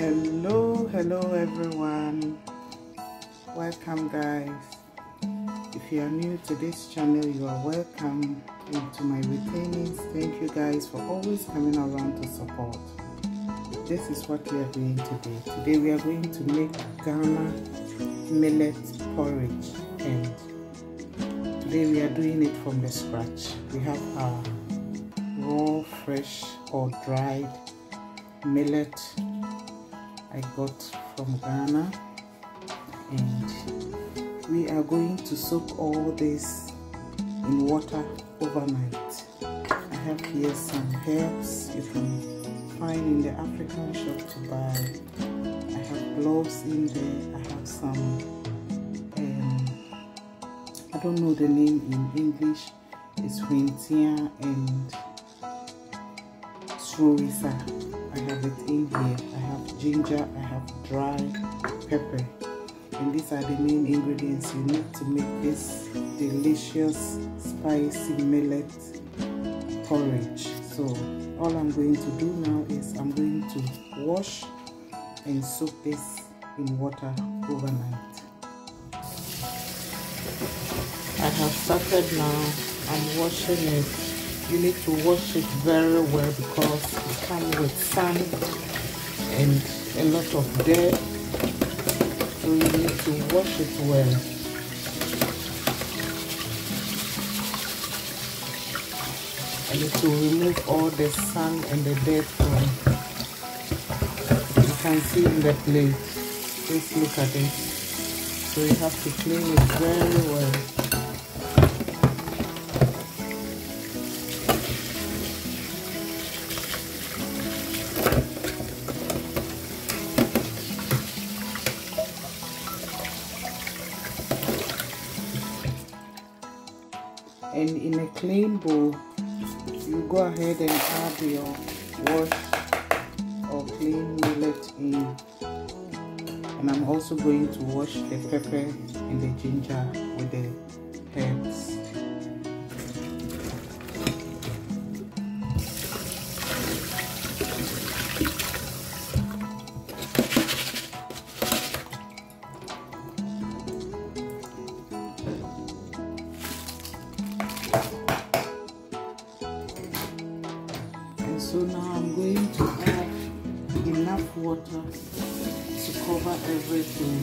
hello hello everyone welcome guys if you are new to this channel you are welcome and to my retainings thank you guys for always coming around to support this is what we are doing today today we are going to make ghana millet porridge and today we are doing it from the scratch we have our raw fresh or dried millet I got from Ghana and we are going to soak all this in water overnight. I have here some herbs you can find in the African shop to buy. I have gloves in there, I have some, um, I don't know the name in English, it's Wintia and chorizo. I have it in here. I have ginger, I have dried pepper. And these are the main ingredients you need to make this delicious spicy millet porridge. So all I'm going to do now is I'm going to wash and soak this in water overnight. I have started now. I'm washing it you need to wash it very well because it comes with sand and a lot of dirt so you need to wash it well and to remove all the sand and the dirt from you can see in the plate just look at it so you have to clean it very well and in a clean bowl you go ahead and add your washed or clean millet in and I'm also going to wash the pepper and the ginger with the so now I'm going to add enough water to cover everything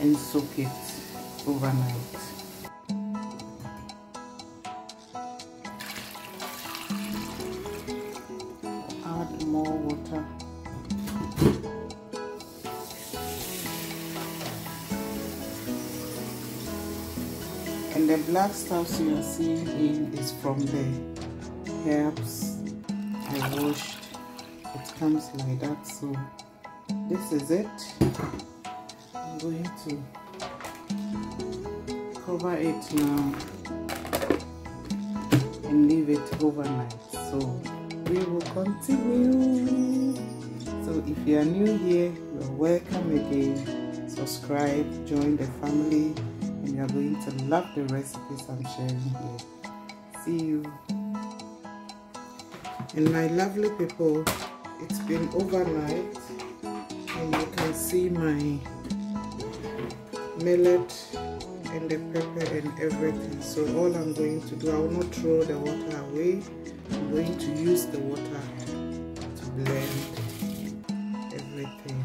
and soak it overnight add more water and the black stuff you are seeing in is from there herbs I washed it comes like that so this is it I'm going to cover it now and leave it overnight so we will continue so if you are new here you're welcome again subscribe join the family and you're going to love the recipes I'm sharing here see you and my lovely people it's been overnight and you can see my millet and the pepper and everything so all I'm going to do I will not throw the water away I'm going to use the water to blend everything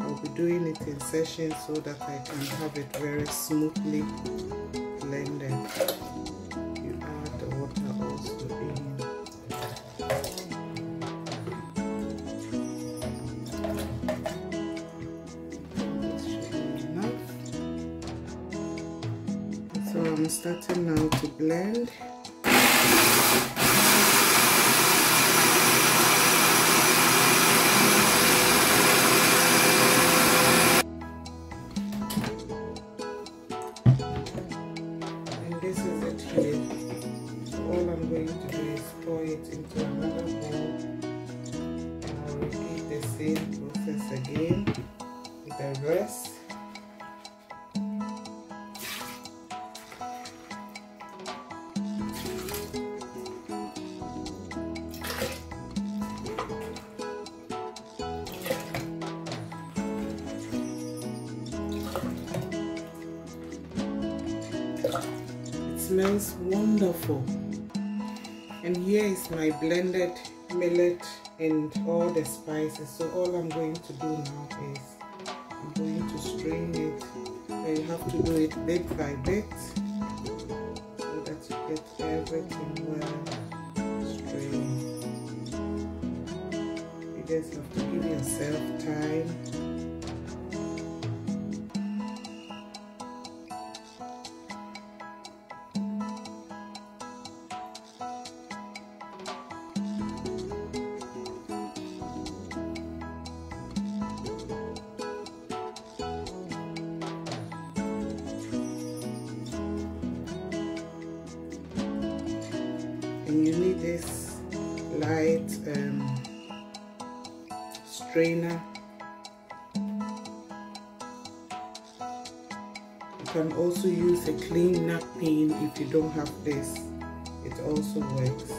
I'll be doing it in sessions so that I can have it very smoothly blended I'm starting now to blend. And this is it here. All I'm going to do is pour it into another bowl and I'll repeat the same process again with the rest. smells wonderful and here is my blended millet and all the spices so all I'm going to do now is I'm going to strain it and you have to do it bit by bit so that you get everything well strained you just have to give yourself time need this light um, strainer you can also use a clean napkin if you don't have this it also works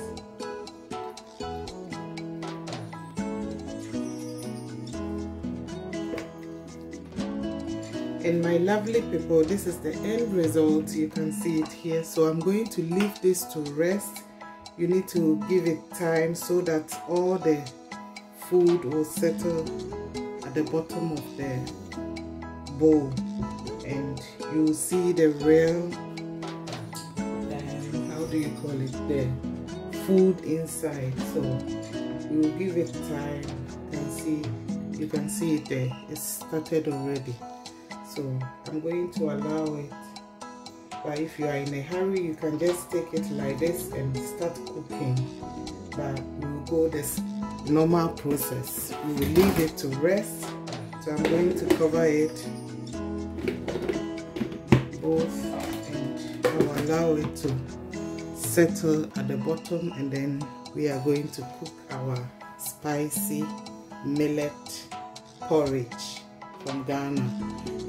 and my lovely people this is the end result you can see it here so i'm going to leave this to rest you need to give it time so that all the food will settle at the bottom of the bowl and you see the real um, how do you call it the food inside so you give it time and see you can see it there It's started already so I'm going to allow it but if you are in a hurry you can just take it like this and start cooking but we will go this normal process we will leave it to rest so I'm going to cover it both and I will allow it to settle at the bottom and then we are going to cook our spicy millet porridge from Ghana.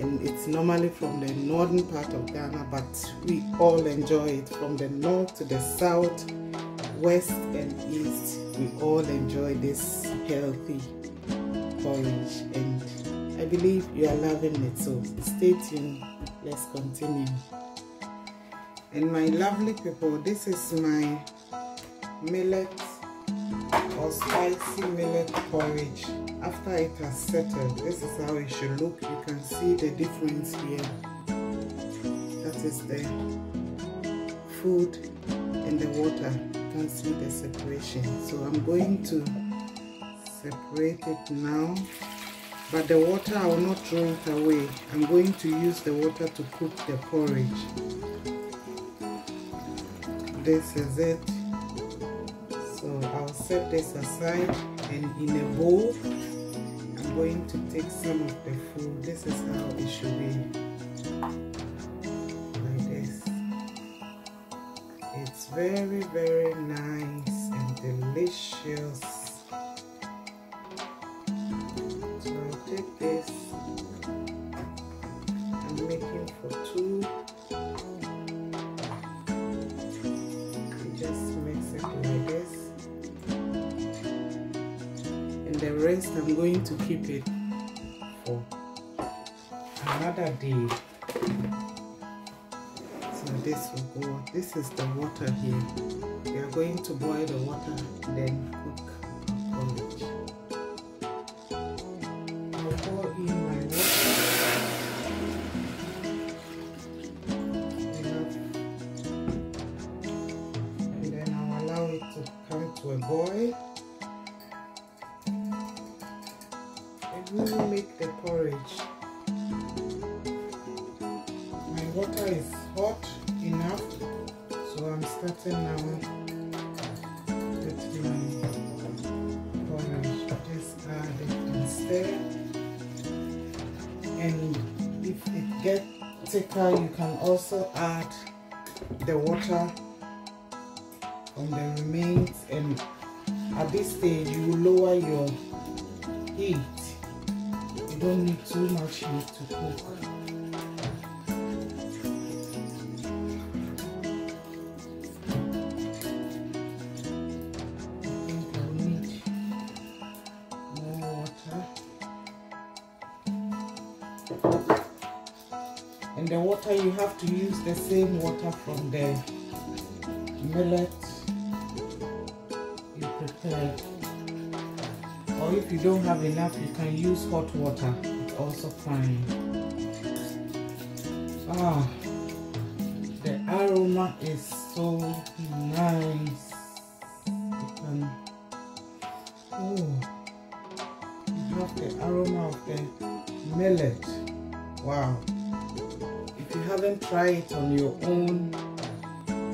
And it's normally from the northern part of Ghana, but we all enjoy it from the north to the south, west and east. We all enjoy this healthy porridge and I believe you are loving it. So stay tuned. Let's continue. And my lovely people, this is my millet or spicy millet porridge after it has settled this is how it should look you can see the difference here that is the food and the water you can see the separation so I'm going to separate it now but the water I will not throw it away I'm going to use the water to cook the porridge this is it so I'll set this aside and in a bowl I'm going to take some of the food this is how it should be like this it's very very nice and delicious I'm going to keep it for another day so this will go this is the water here we are going to boil the water then cook porridge hot enough so I'm starting now with the porridge just add it and and if it gets thicker you can also add the water on the remains and at this stage you lower your heat you don't need too much heat to cook have to use the same water from the millet you prepared or if you don't have enough you can use hot water it's also fine ah the aroma is so nice can, oh you have the aroma of the millet wow even try it on your own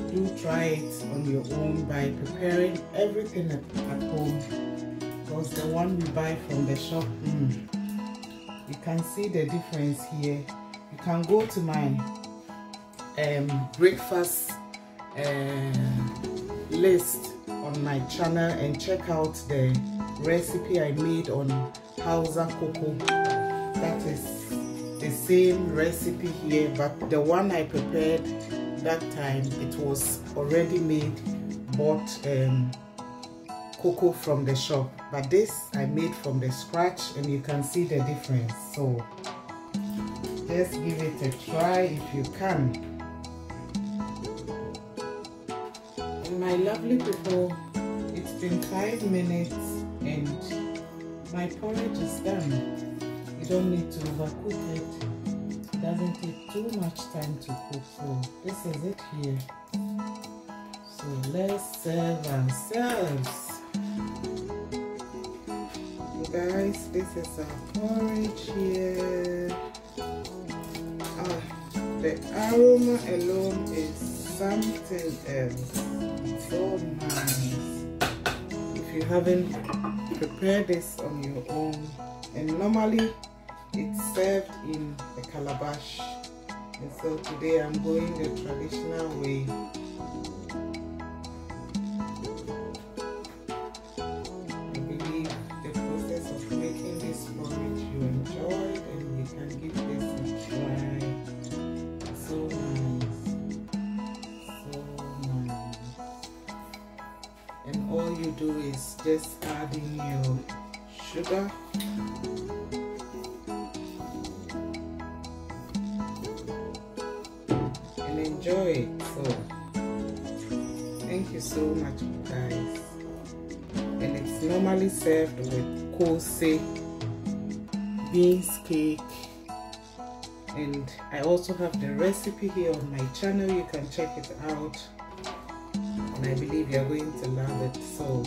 do try it on your own by preparing everything at, at home because the one we buy from the shop mm, you can see the difference here you can go to my um, breakfast uh, list on my channel and check out the recipe I made on Hausa cocoa that is the same recipe here but the one I prepared that time it was already made bought um, cocoa from the shop but this I made from the scratch and you can see the difference so just give it a try if you can and my lovely people it's been five minutes and my porridge is done don't need to overcook it. it doesn't take too much time to cook so this is it here so let's serve ourselves you guys this is our porridge here ah, the aroma alone is something else so nice if you haven't prepared this on your own and normally it's served in a calabash and so today I'm going the traditional way I believe the process of making this porridge you enjoy and you can give this a try so nice so nice and all you do is just adding your sugar so much guys and it's normally served with kose beans cake and I also have the recipe here on my channel you can check it out and I believe you're going to love it so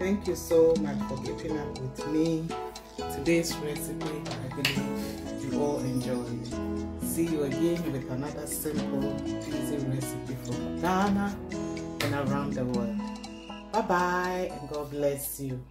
thank you so much for keeping up with me today's recipe I believe you all enjoyed see you again with another simple easy recipe from Ghana and around the world. Bye bye and God bless you.